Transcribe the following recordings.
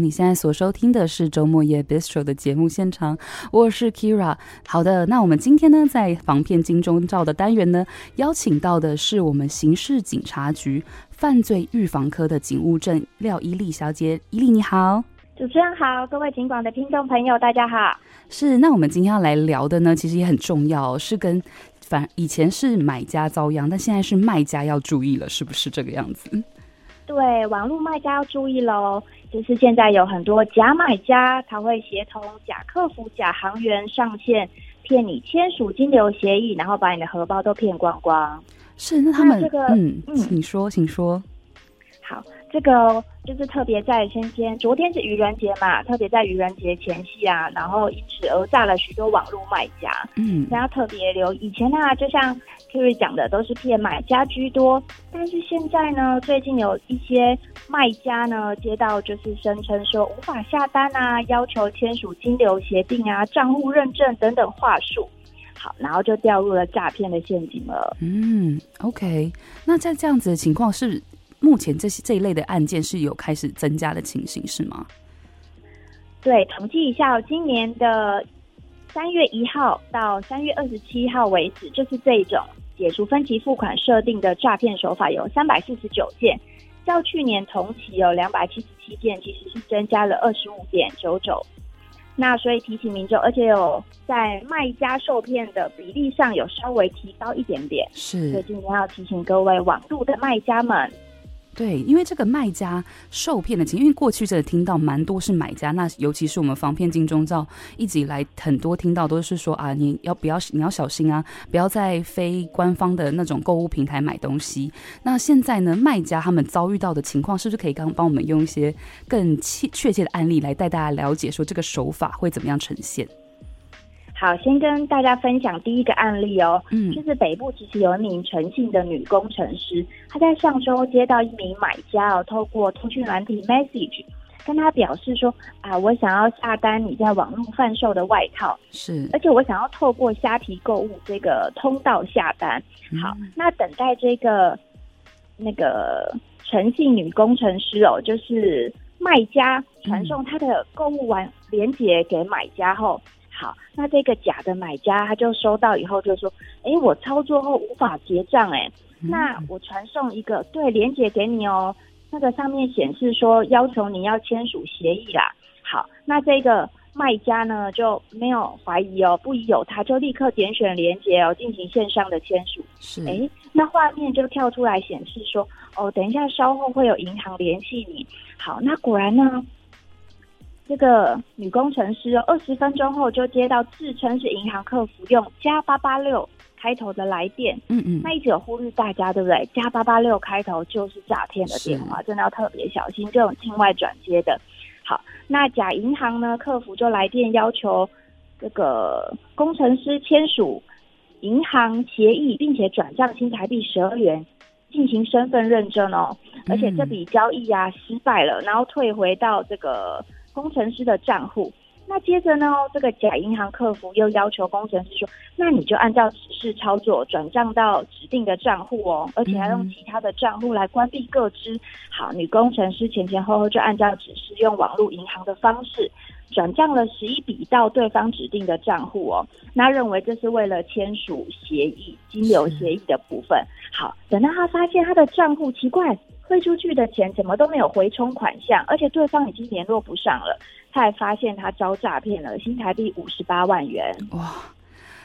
你現在所收聽的是周末夜 Bistro 的節目現場，我是 Keira。好的，那我們今天呢，在防騙金鐘罩的單元呢，邀請到的是我們刑事警察局犯罪預防科的警務科的警務正廖伊俐小姐。伊俐你好。主持人好，各位警廣的聽眾朋友大家好。是，那我們今天要來聊的呢，其實也很重要哦，是跟反以前是買家遭殃，但現在是賣家要注意了，是不是這個樣子？對網絡賣家要注意嘍，就是現在有很多假買家，他會協同假客服、假行員上線騙你簽署金流協議，然後把你的荷包都騙光光。是，那他們那這個，嗯嗯，請說，請說。好，這個就是特別在先前，昨天是愚人節嘛，特別在愚人節前夕啊，然後因此而詐了許多網絡賣家。嗯，大家特別留意，以前啊，就像。Keira 講的都是騙買家居多，但是現在呢，最近有一些賣家呢接到就是聲稱說無法下單啊，要求簽署金流協定啊、賬戶認證等等話術，好，然後就掉入了詐騙的陷阱了。嗯，OK，那在這樣子的情況是，目前這些這一類的案件是有開始增加的情形是嗎？對，統計一下，今年的三月一號到三月二十七號為止，就是這一種。解除分期付款設定的詐騙手法有三百四十九件，較去年同期有兩百七十七件，其實是增加了二十五點九九。那所以提醒民眾，而且有在賣家受騙的比例上有稍微提高一點點，是，所以今天要提醒各位網路的賣家們。對，因為這個賣家受騙的情，因為過去真的聽到蠻多是買家，那尤其是我們防騙金鐘罩一直以來很多聽到都是說啊，你要不要你要小心啊，不要在非官方的那種購物平台買東西。那現在呢，賣家他們遭遇到的情況，是不是可以剛幫我們用一些更確確切的案例來帶大家了解，說這個手法會怎麼樣呈現？好，先跟大家分享第一個案例哦，嗯，就是北部其實有一名陳姓的女工程師，她在上周接到一名買家哦，透過通訊軟體 message 跟她表示說，啊，我想要下單你在網絡販售的外套，是，而且我想要透過蝦皮購物這個通道下單。好，嗯、那等待這個那個陳姓女工程師哦，就是賣家傳送她的購物完連結給買家後。好，那這個假的買家他就收到以後就說，哎、欸，我操作後無法結賬，哎，那我傳送一個對連結給你哦、喔，那個上面顯示說要求你要簽署協議啦。好，那這個賣家呢就沒有懷疑哦、喔，不疑有他，就立刻點選連結哦、喔，進行線上的簽署。是，哎、欸，那畫面就跳出來顯示說，哦、喔，等一下稍後會有銀行聯繫你。好，那果然呢。這個女工程師哦，二十分鐘後就接到自稱是銀行客服用加八八六開頭的來電，嗯嗯，那一直有呼籲大家，對不對？加八八六開頭就是詐騙的電話，真的要特別小心這種境外轉接的。好，那假銀行呢，客服就來電要求這個工程師簽署銀行協議，並且轉賬新台幣十二元進行身份認證哦，嗯、而且這筆交易啊失敗了，然後退回到這個。工程師的賬戶，那接着呢？這個假銀行客服又要求工程師說：“那你就按照指示操作，轉賬到指定的賬戶哦，而且還用其他的賬戶來關閉個資。”好，女工程師前前後後就按照指示，用網絡銀行的方式轉賬了十一筆到對方指定的賬戶哦。那她認為這是為了簽署協議、金流協議的部分。好，等到她發現她的賬戶奇怪。退出去的錢怎麼都沒有回充款項，而且對方已經聯絡不上了，他還發現他遭詐騙了新台幣五十八萬元。哇，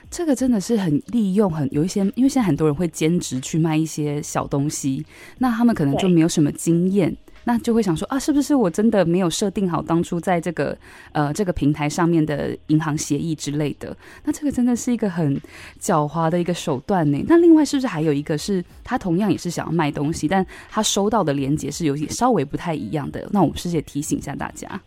這個真的是很利用，很有一些，因為現在很多人會兼職去賣一些小東西，那他們可能就沒有什麼經驗。那就會想說啊，是不是我真的沒有設定好當初在這個呃這個平台上面的銀行協議之類的？那這個真的是一個很狡猾的一個手段呢。那另外是不是還有一個是，他同樣也是想要賣東西，但他收到的鏈接是有些稍微不太一樣的？那我們師姐提醒一下大家。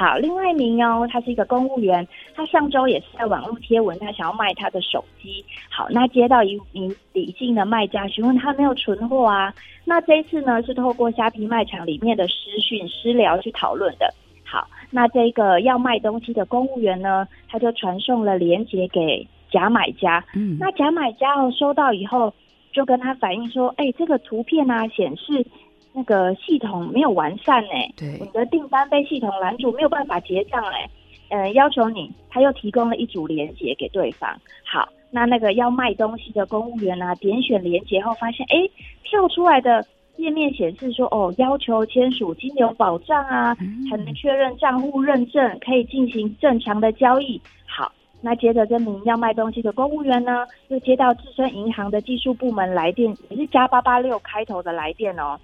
好，另外一名哦，他是一個公務員，他上周也是在網絡貼文，他想要賣他的手機。好，那接到一名李姓的賣家詢問，他有沒有存貨啊。那這一次呢，是透過蝦皮賣場裡面的私訊私聊去討論的。好，那這個要賣東西的公務員呢，他就傳送了鏈接給假買家。嗯，那假買家哦收到以後，就跟他反映說，哎，這個圖片呢、啊、顯示。那個系統沒有完善呢、欸，對，你的訂單被系統攔住，沒有辦法結賬嘞、欸、呃，要求你，他又提供了一組連結給對方。好，那那個要賣東西的公務員啊，點選連結後發現，哎，跳出來的頁面顯示說，哦，要求簽署金流保障啊，才能確認賬戶認證，可以進行正常的交易。好，那接着跟您要賣東西的公務員呢，又接到自身銀行的技術部門來電，也是加八八六開頭的來電哦。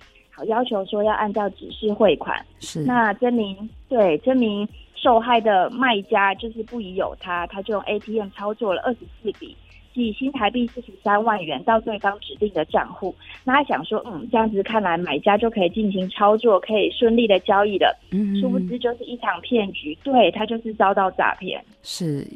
要求說要按照指示匯款，是。那這名對這名受害的賣家就是不疑有他，他就用 ATM 操作了二十四筆，即新台幣四十三萬元到對方指定的賬戶。那他想說，嗯，這樣子看來買家就可以進行操作，可以順利的交易的。嗯，殊不知就是一場騙局，對，他就是遭到詐騙。是。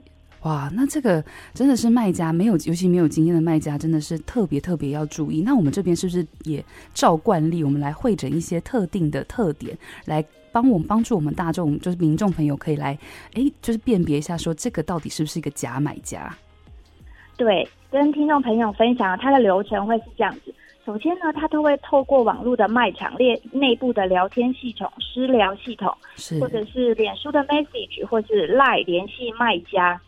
哇，那這個真的是賣家沒有，尤其沒有經驗的賣家，真的是特別特別要注意。那我們這邊是不是也照慣例，我們來彙整一些特定的特點，來幫我們幫助我們大眾，就是民眾朋友可以來，哎，就是辨別一下，說這個到底是不是一個假買家？對，跟聽眾朋友分享，他的流程會是這樣子。首先呢，他都會透過網絡的賣場內內部的聊天系統、私聊系統是，或者是臉書的 message，或是 Line 聯繫賣家。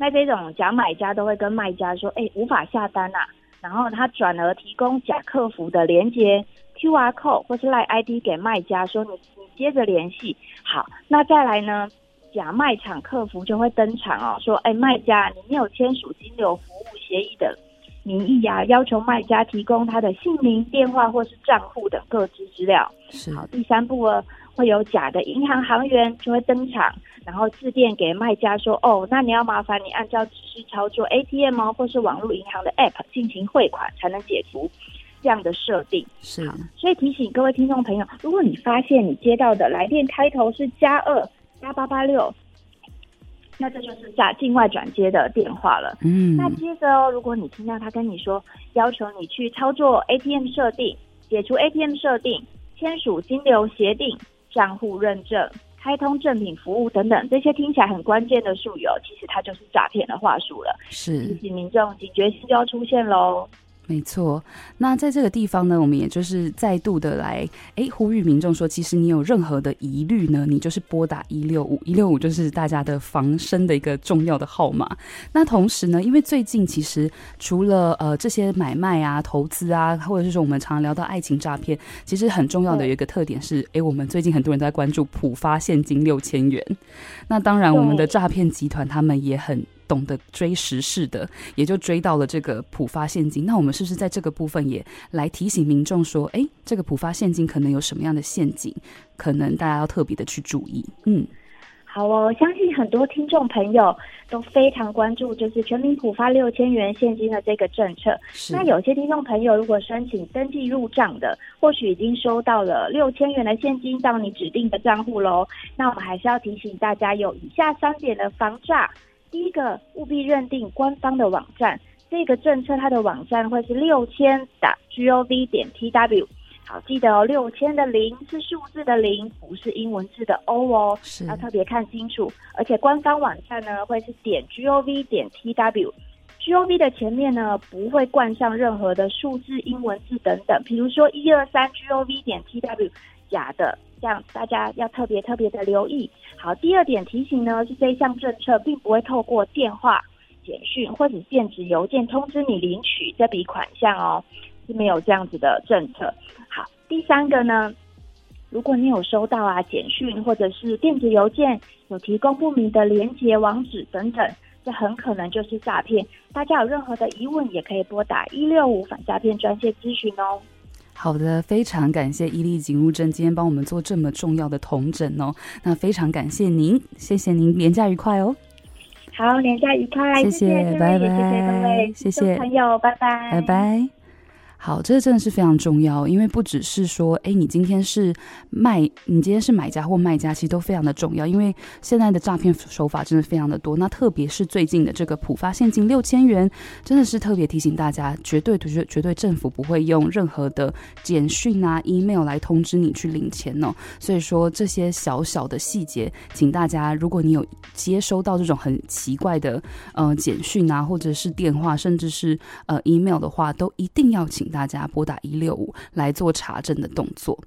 那這種假買家都會跟賣家說，哎、欸，無法下單吶、啊，然後他轉而提供假客服的連結 QR Code 或是 Line ID 給賣家，說你，你接着聯繫。好，那再來呢，假賣場客服就會登場哦，說，哎、欸，賣家，你沒有簽署金流服務協議的名義呀、啊，要求賣家提供他的姓名、電話或是賬戶等個資資料是。好，第三步，哦。會有假的銀行行員就會登場，然後致電給賣家說：“哦，那你要麻煩你按照指示操作 ATM、哦、或是網絡銀行的 App 進行匯款，才能解除這樣的設定。是”是啊，所以提醒各位聽眾朋友，如果你發現你接到的來電開頭是加二加八八六，那這就，就是假境外轉接的電話了。嗯，那接着哦，如果你聽到他跟你說要求你去操作 ATM 設定、解除 ATM 設定、簽署金流協定、賬戶認證、開通正品服務等等，這些聽起來很關鍵的術語哦，其實它就是詐騙的話術了。是，提醒民眾警覺心就要出現嘍。沒錯，那在這個地方呢，我們也就是再度的來哎呼籲民眾說，其實你有任何的疑慮呢，你就是撥打一六五一六五，就是大家的防身的一個重要的號碼。那同時呢，因為最近其實除了呃這些買賣啊、投資啊，或者是說我們常聊到愛情詐騙，其實很重要的有一個特點是，哎，我們最近很多人在關注普發現金六千元。那當然，我們的詐騙集團他們也很。懂得追時事的，也就追到了這個普發現金。那我們是不是在這個部分也來提醒民眾說：哎，這個普發現金可能有什麼樣的陷阱？可能大家要特別的去注意。嗯，好哦，相信很多聽眾朋友都非常關注，就是全民普發六千元現金的這個政策。那有些聽眾朋友如果申請登記入賬的，或許已經收到了六千元的現金到你指定的賬戶嘍。那我們還是要提醒大家有以下三點的防詐。第一個，務必認定官方的網站，這個政策它的網站會是六千打 gov 點 tw，好，記得哦，六千的零是數字的零，不是英文字的 o 哦，是要特別看清楚，而且官方網站呢會是點 gov 點 tw，gov 的前面呢不會冠上任何的數字、英文字等等，比如說一二三 gov 點 tw 假的。這樣大家要特別特別的留意。好，第二點提醒呢，是這項政策並不會透過電話、簡訊或者電子郵件通知你領取這筆款項哦，是沒有這樣子的政策。好，第三個呢，如果你有收到啊簡訊或者是電子郵件，有提供不明的連結網址等等，這很可能就是詐騙。大家有任何的疑問，也可以撥打一六五反詐騙專線諮詢哦。好的，非常感謝伊俐警務正今天幫我們做這麼重要的統整哦，那非常感謝您，謝謝您，連假愉快哦。好，連假愉快，謝謝，拜拜，謝謝各位，謝謝朋友，拜拜，拜拜。好，這個真的是非常重要，因為不只是說，哎，你今天是賣，你今天是買家或賣家，其實都非常的重要。因為現在的詐騙手法真的非常的多，那特別是最近的這個普發現金六千元，真的是特別提醒大家，絕對、絕對、絕對政府不會用任何的簡訊啊、email 來通知你去領錢哦。所以說，這些小小的細節，請大家，如果你有接收到這種很奇怪的，呃，簡訊啊，或者是電話，甚至是呃 email 的話，都一定要請。大家撥打一六五來做查證的動作。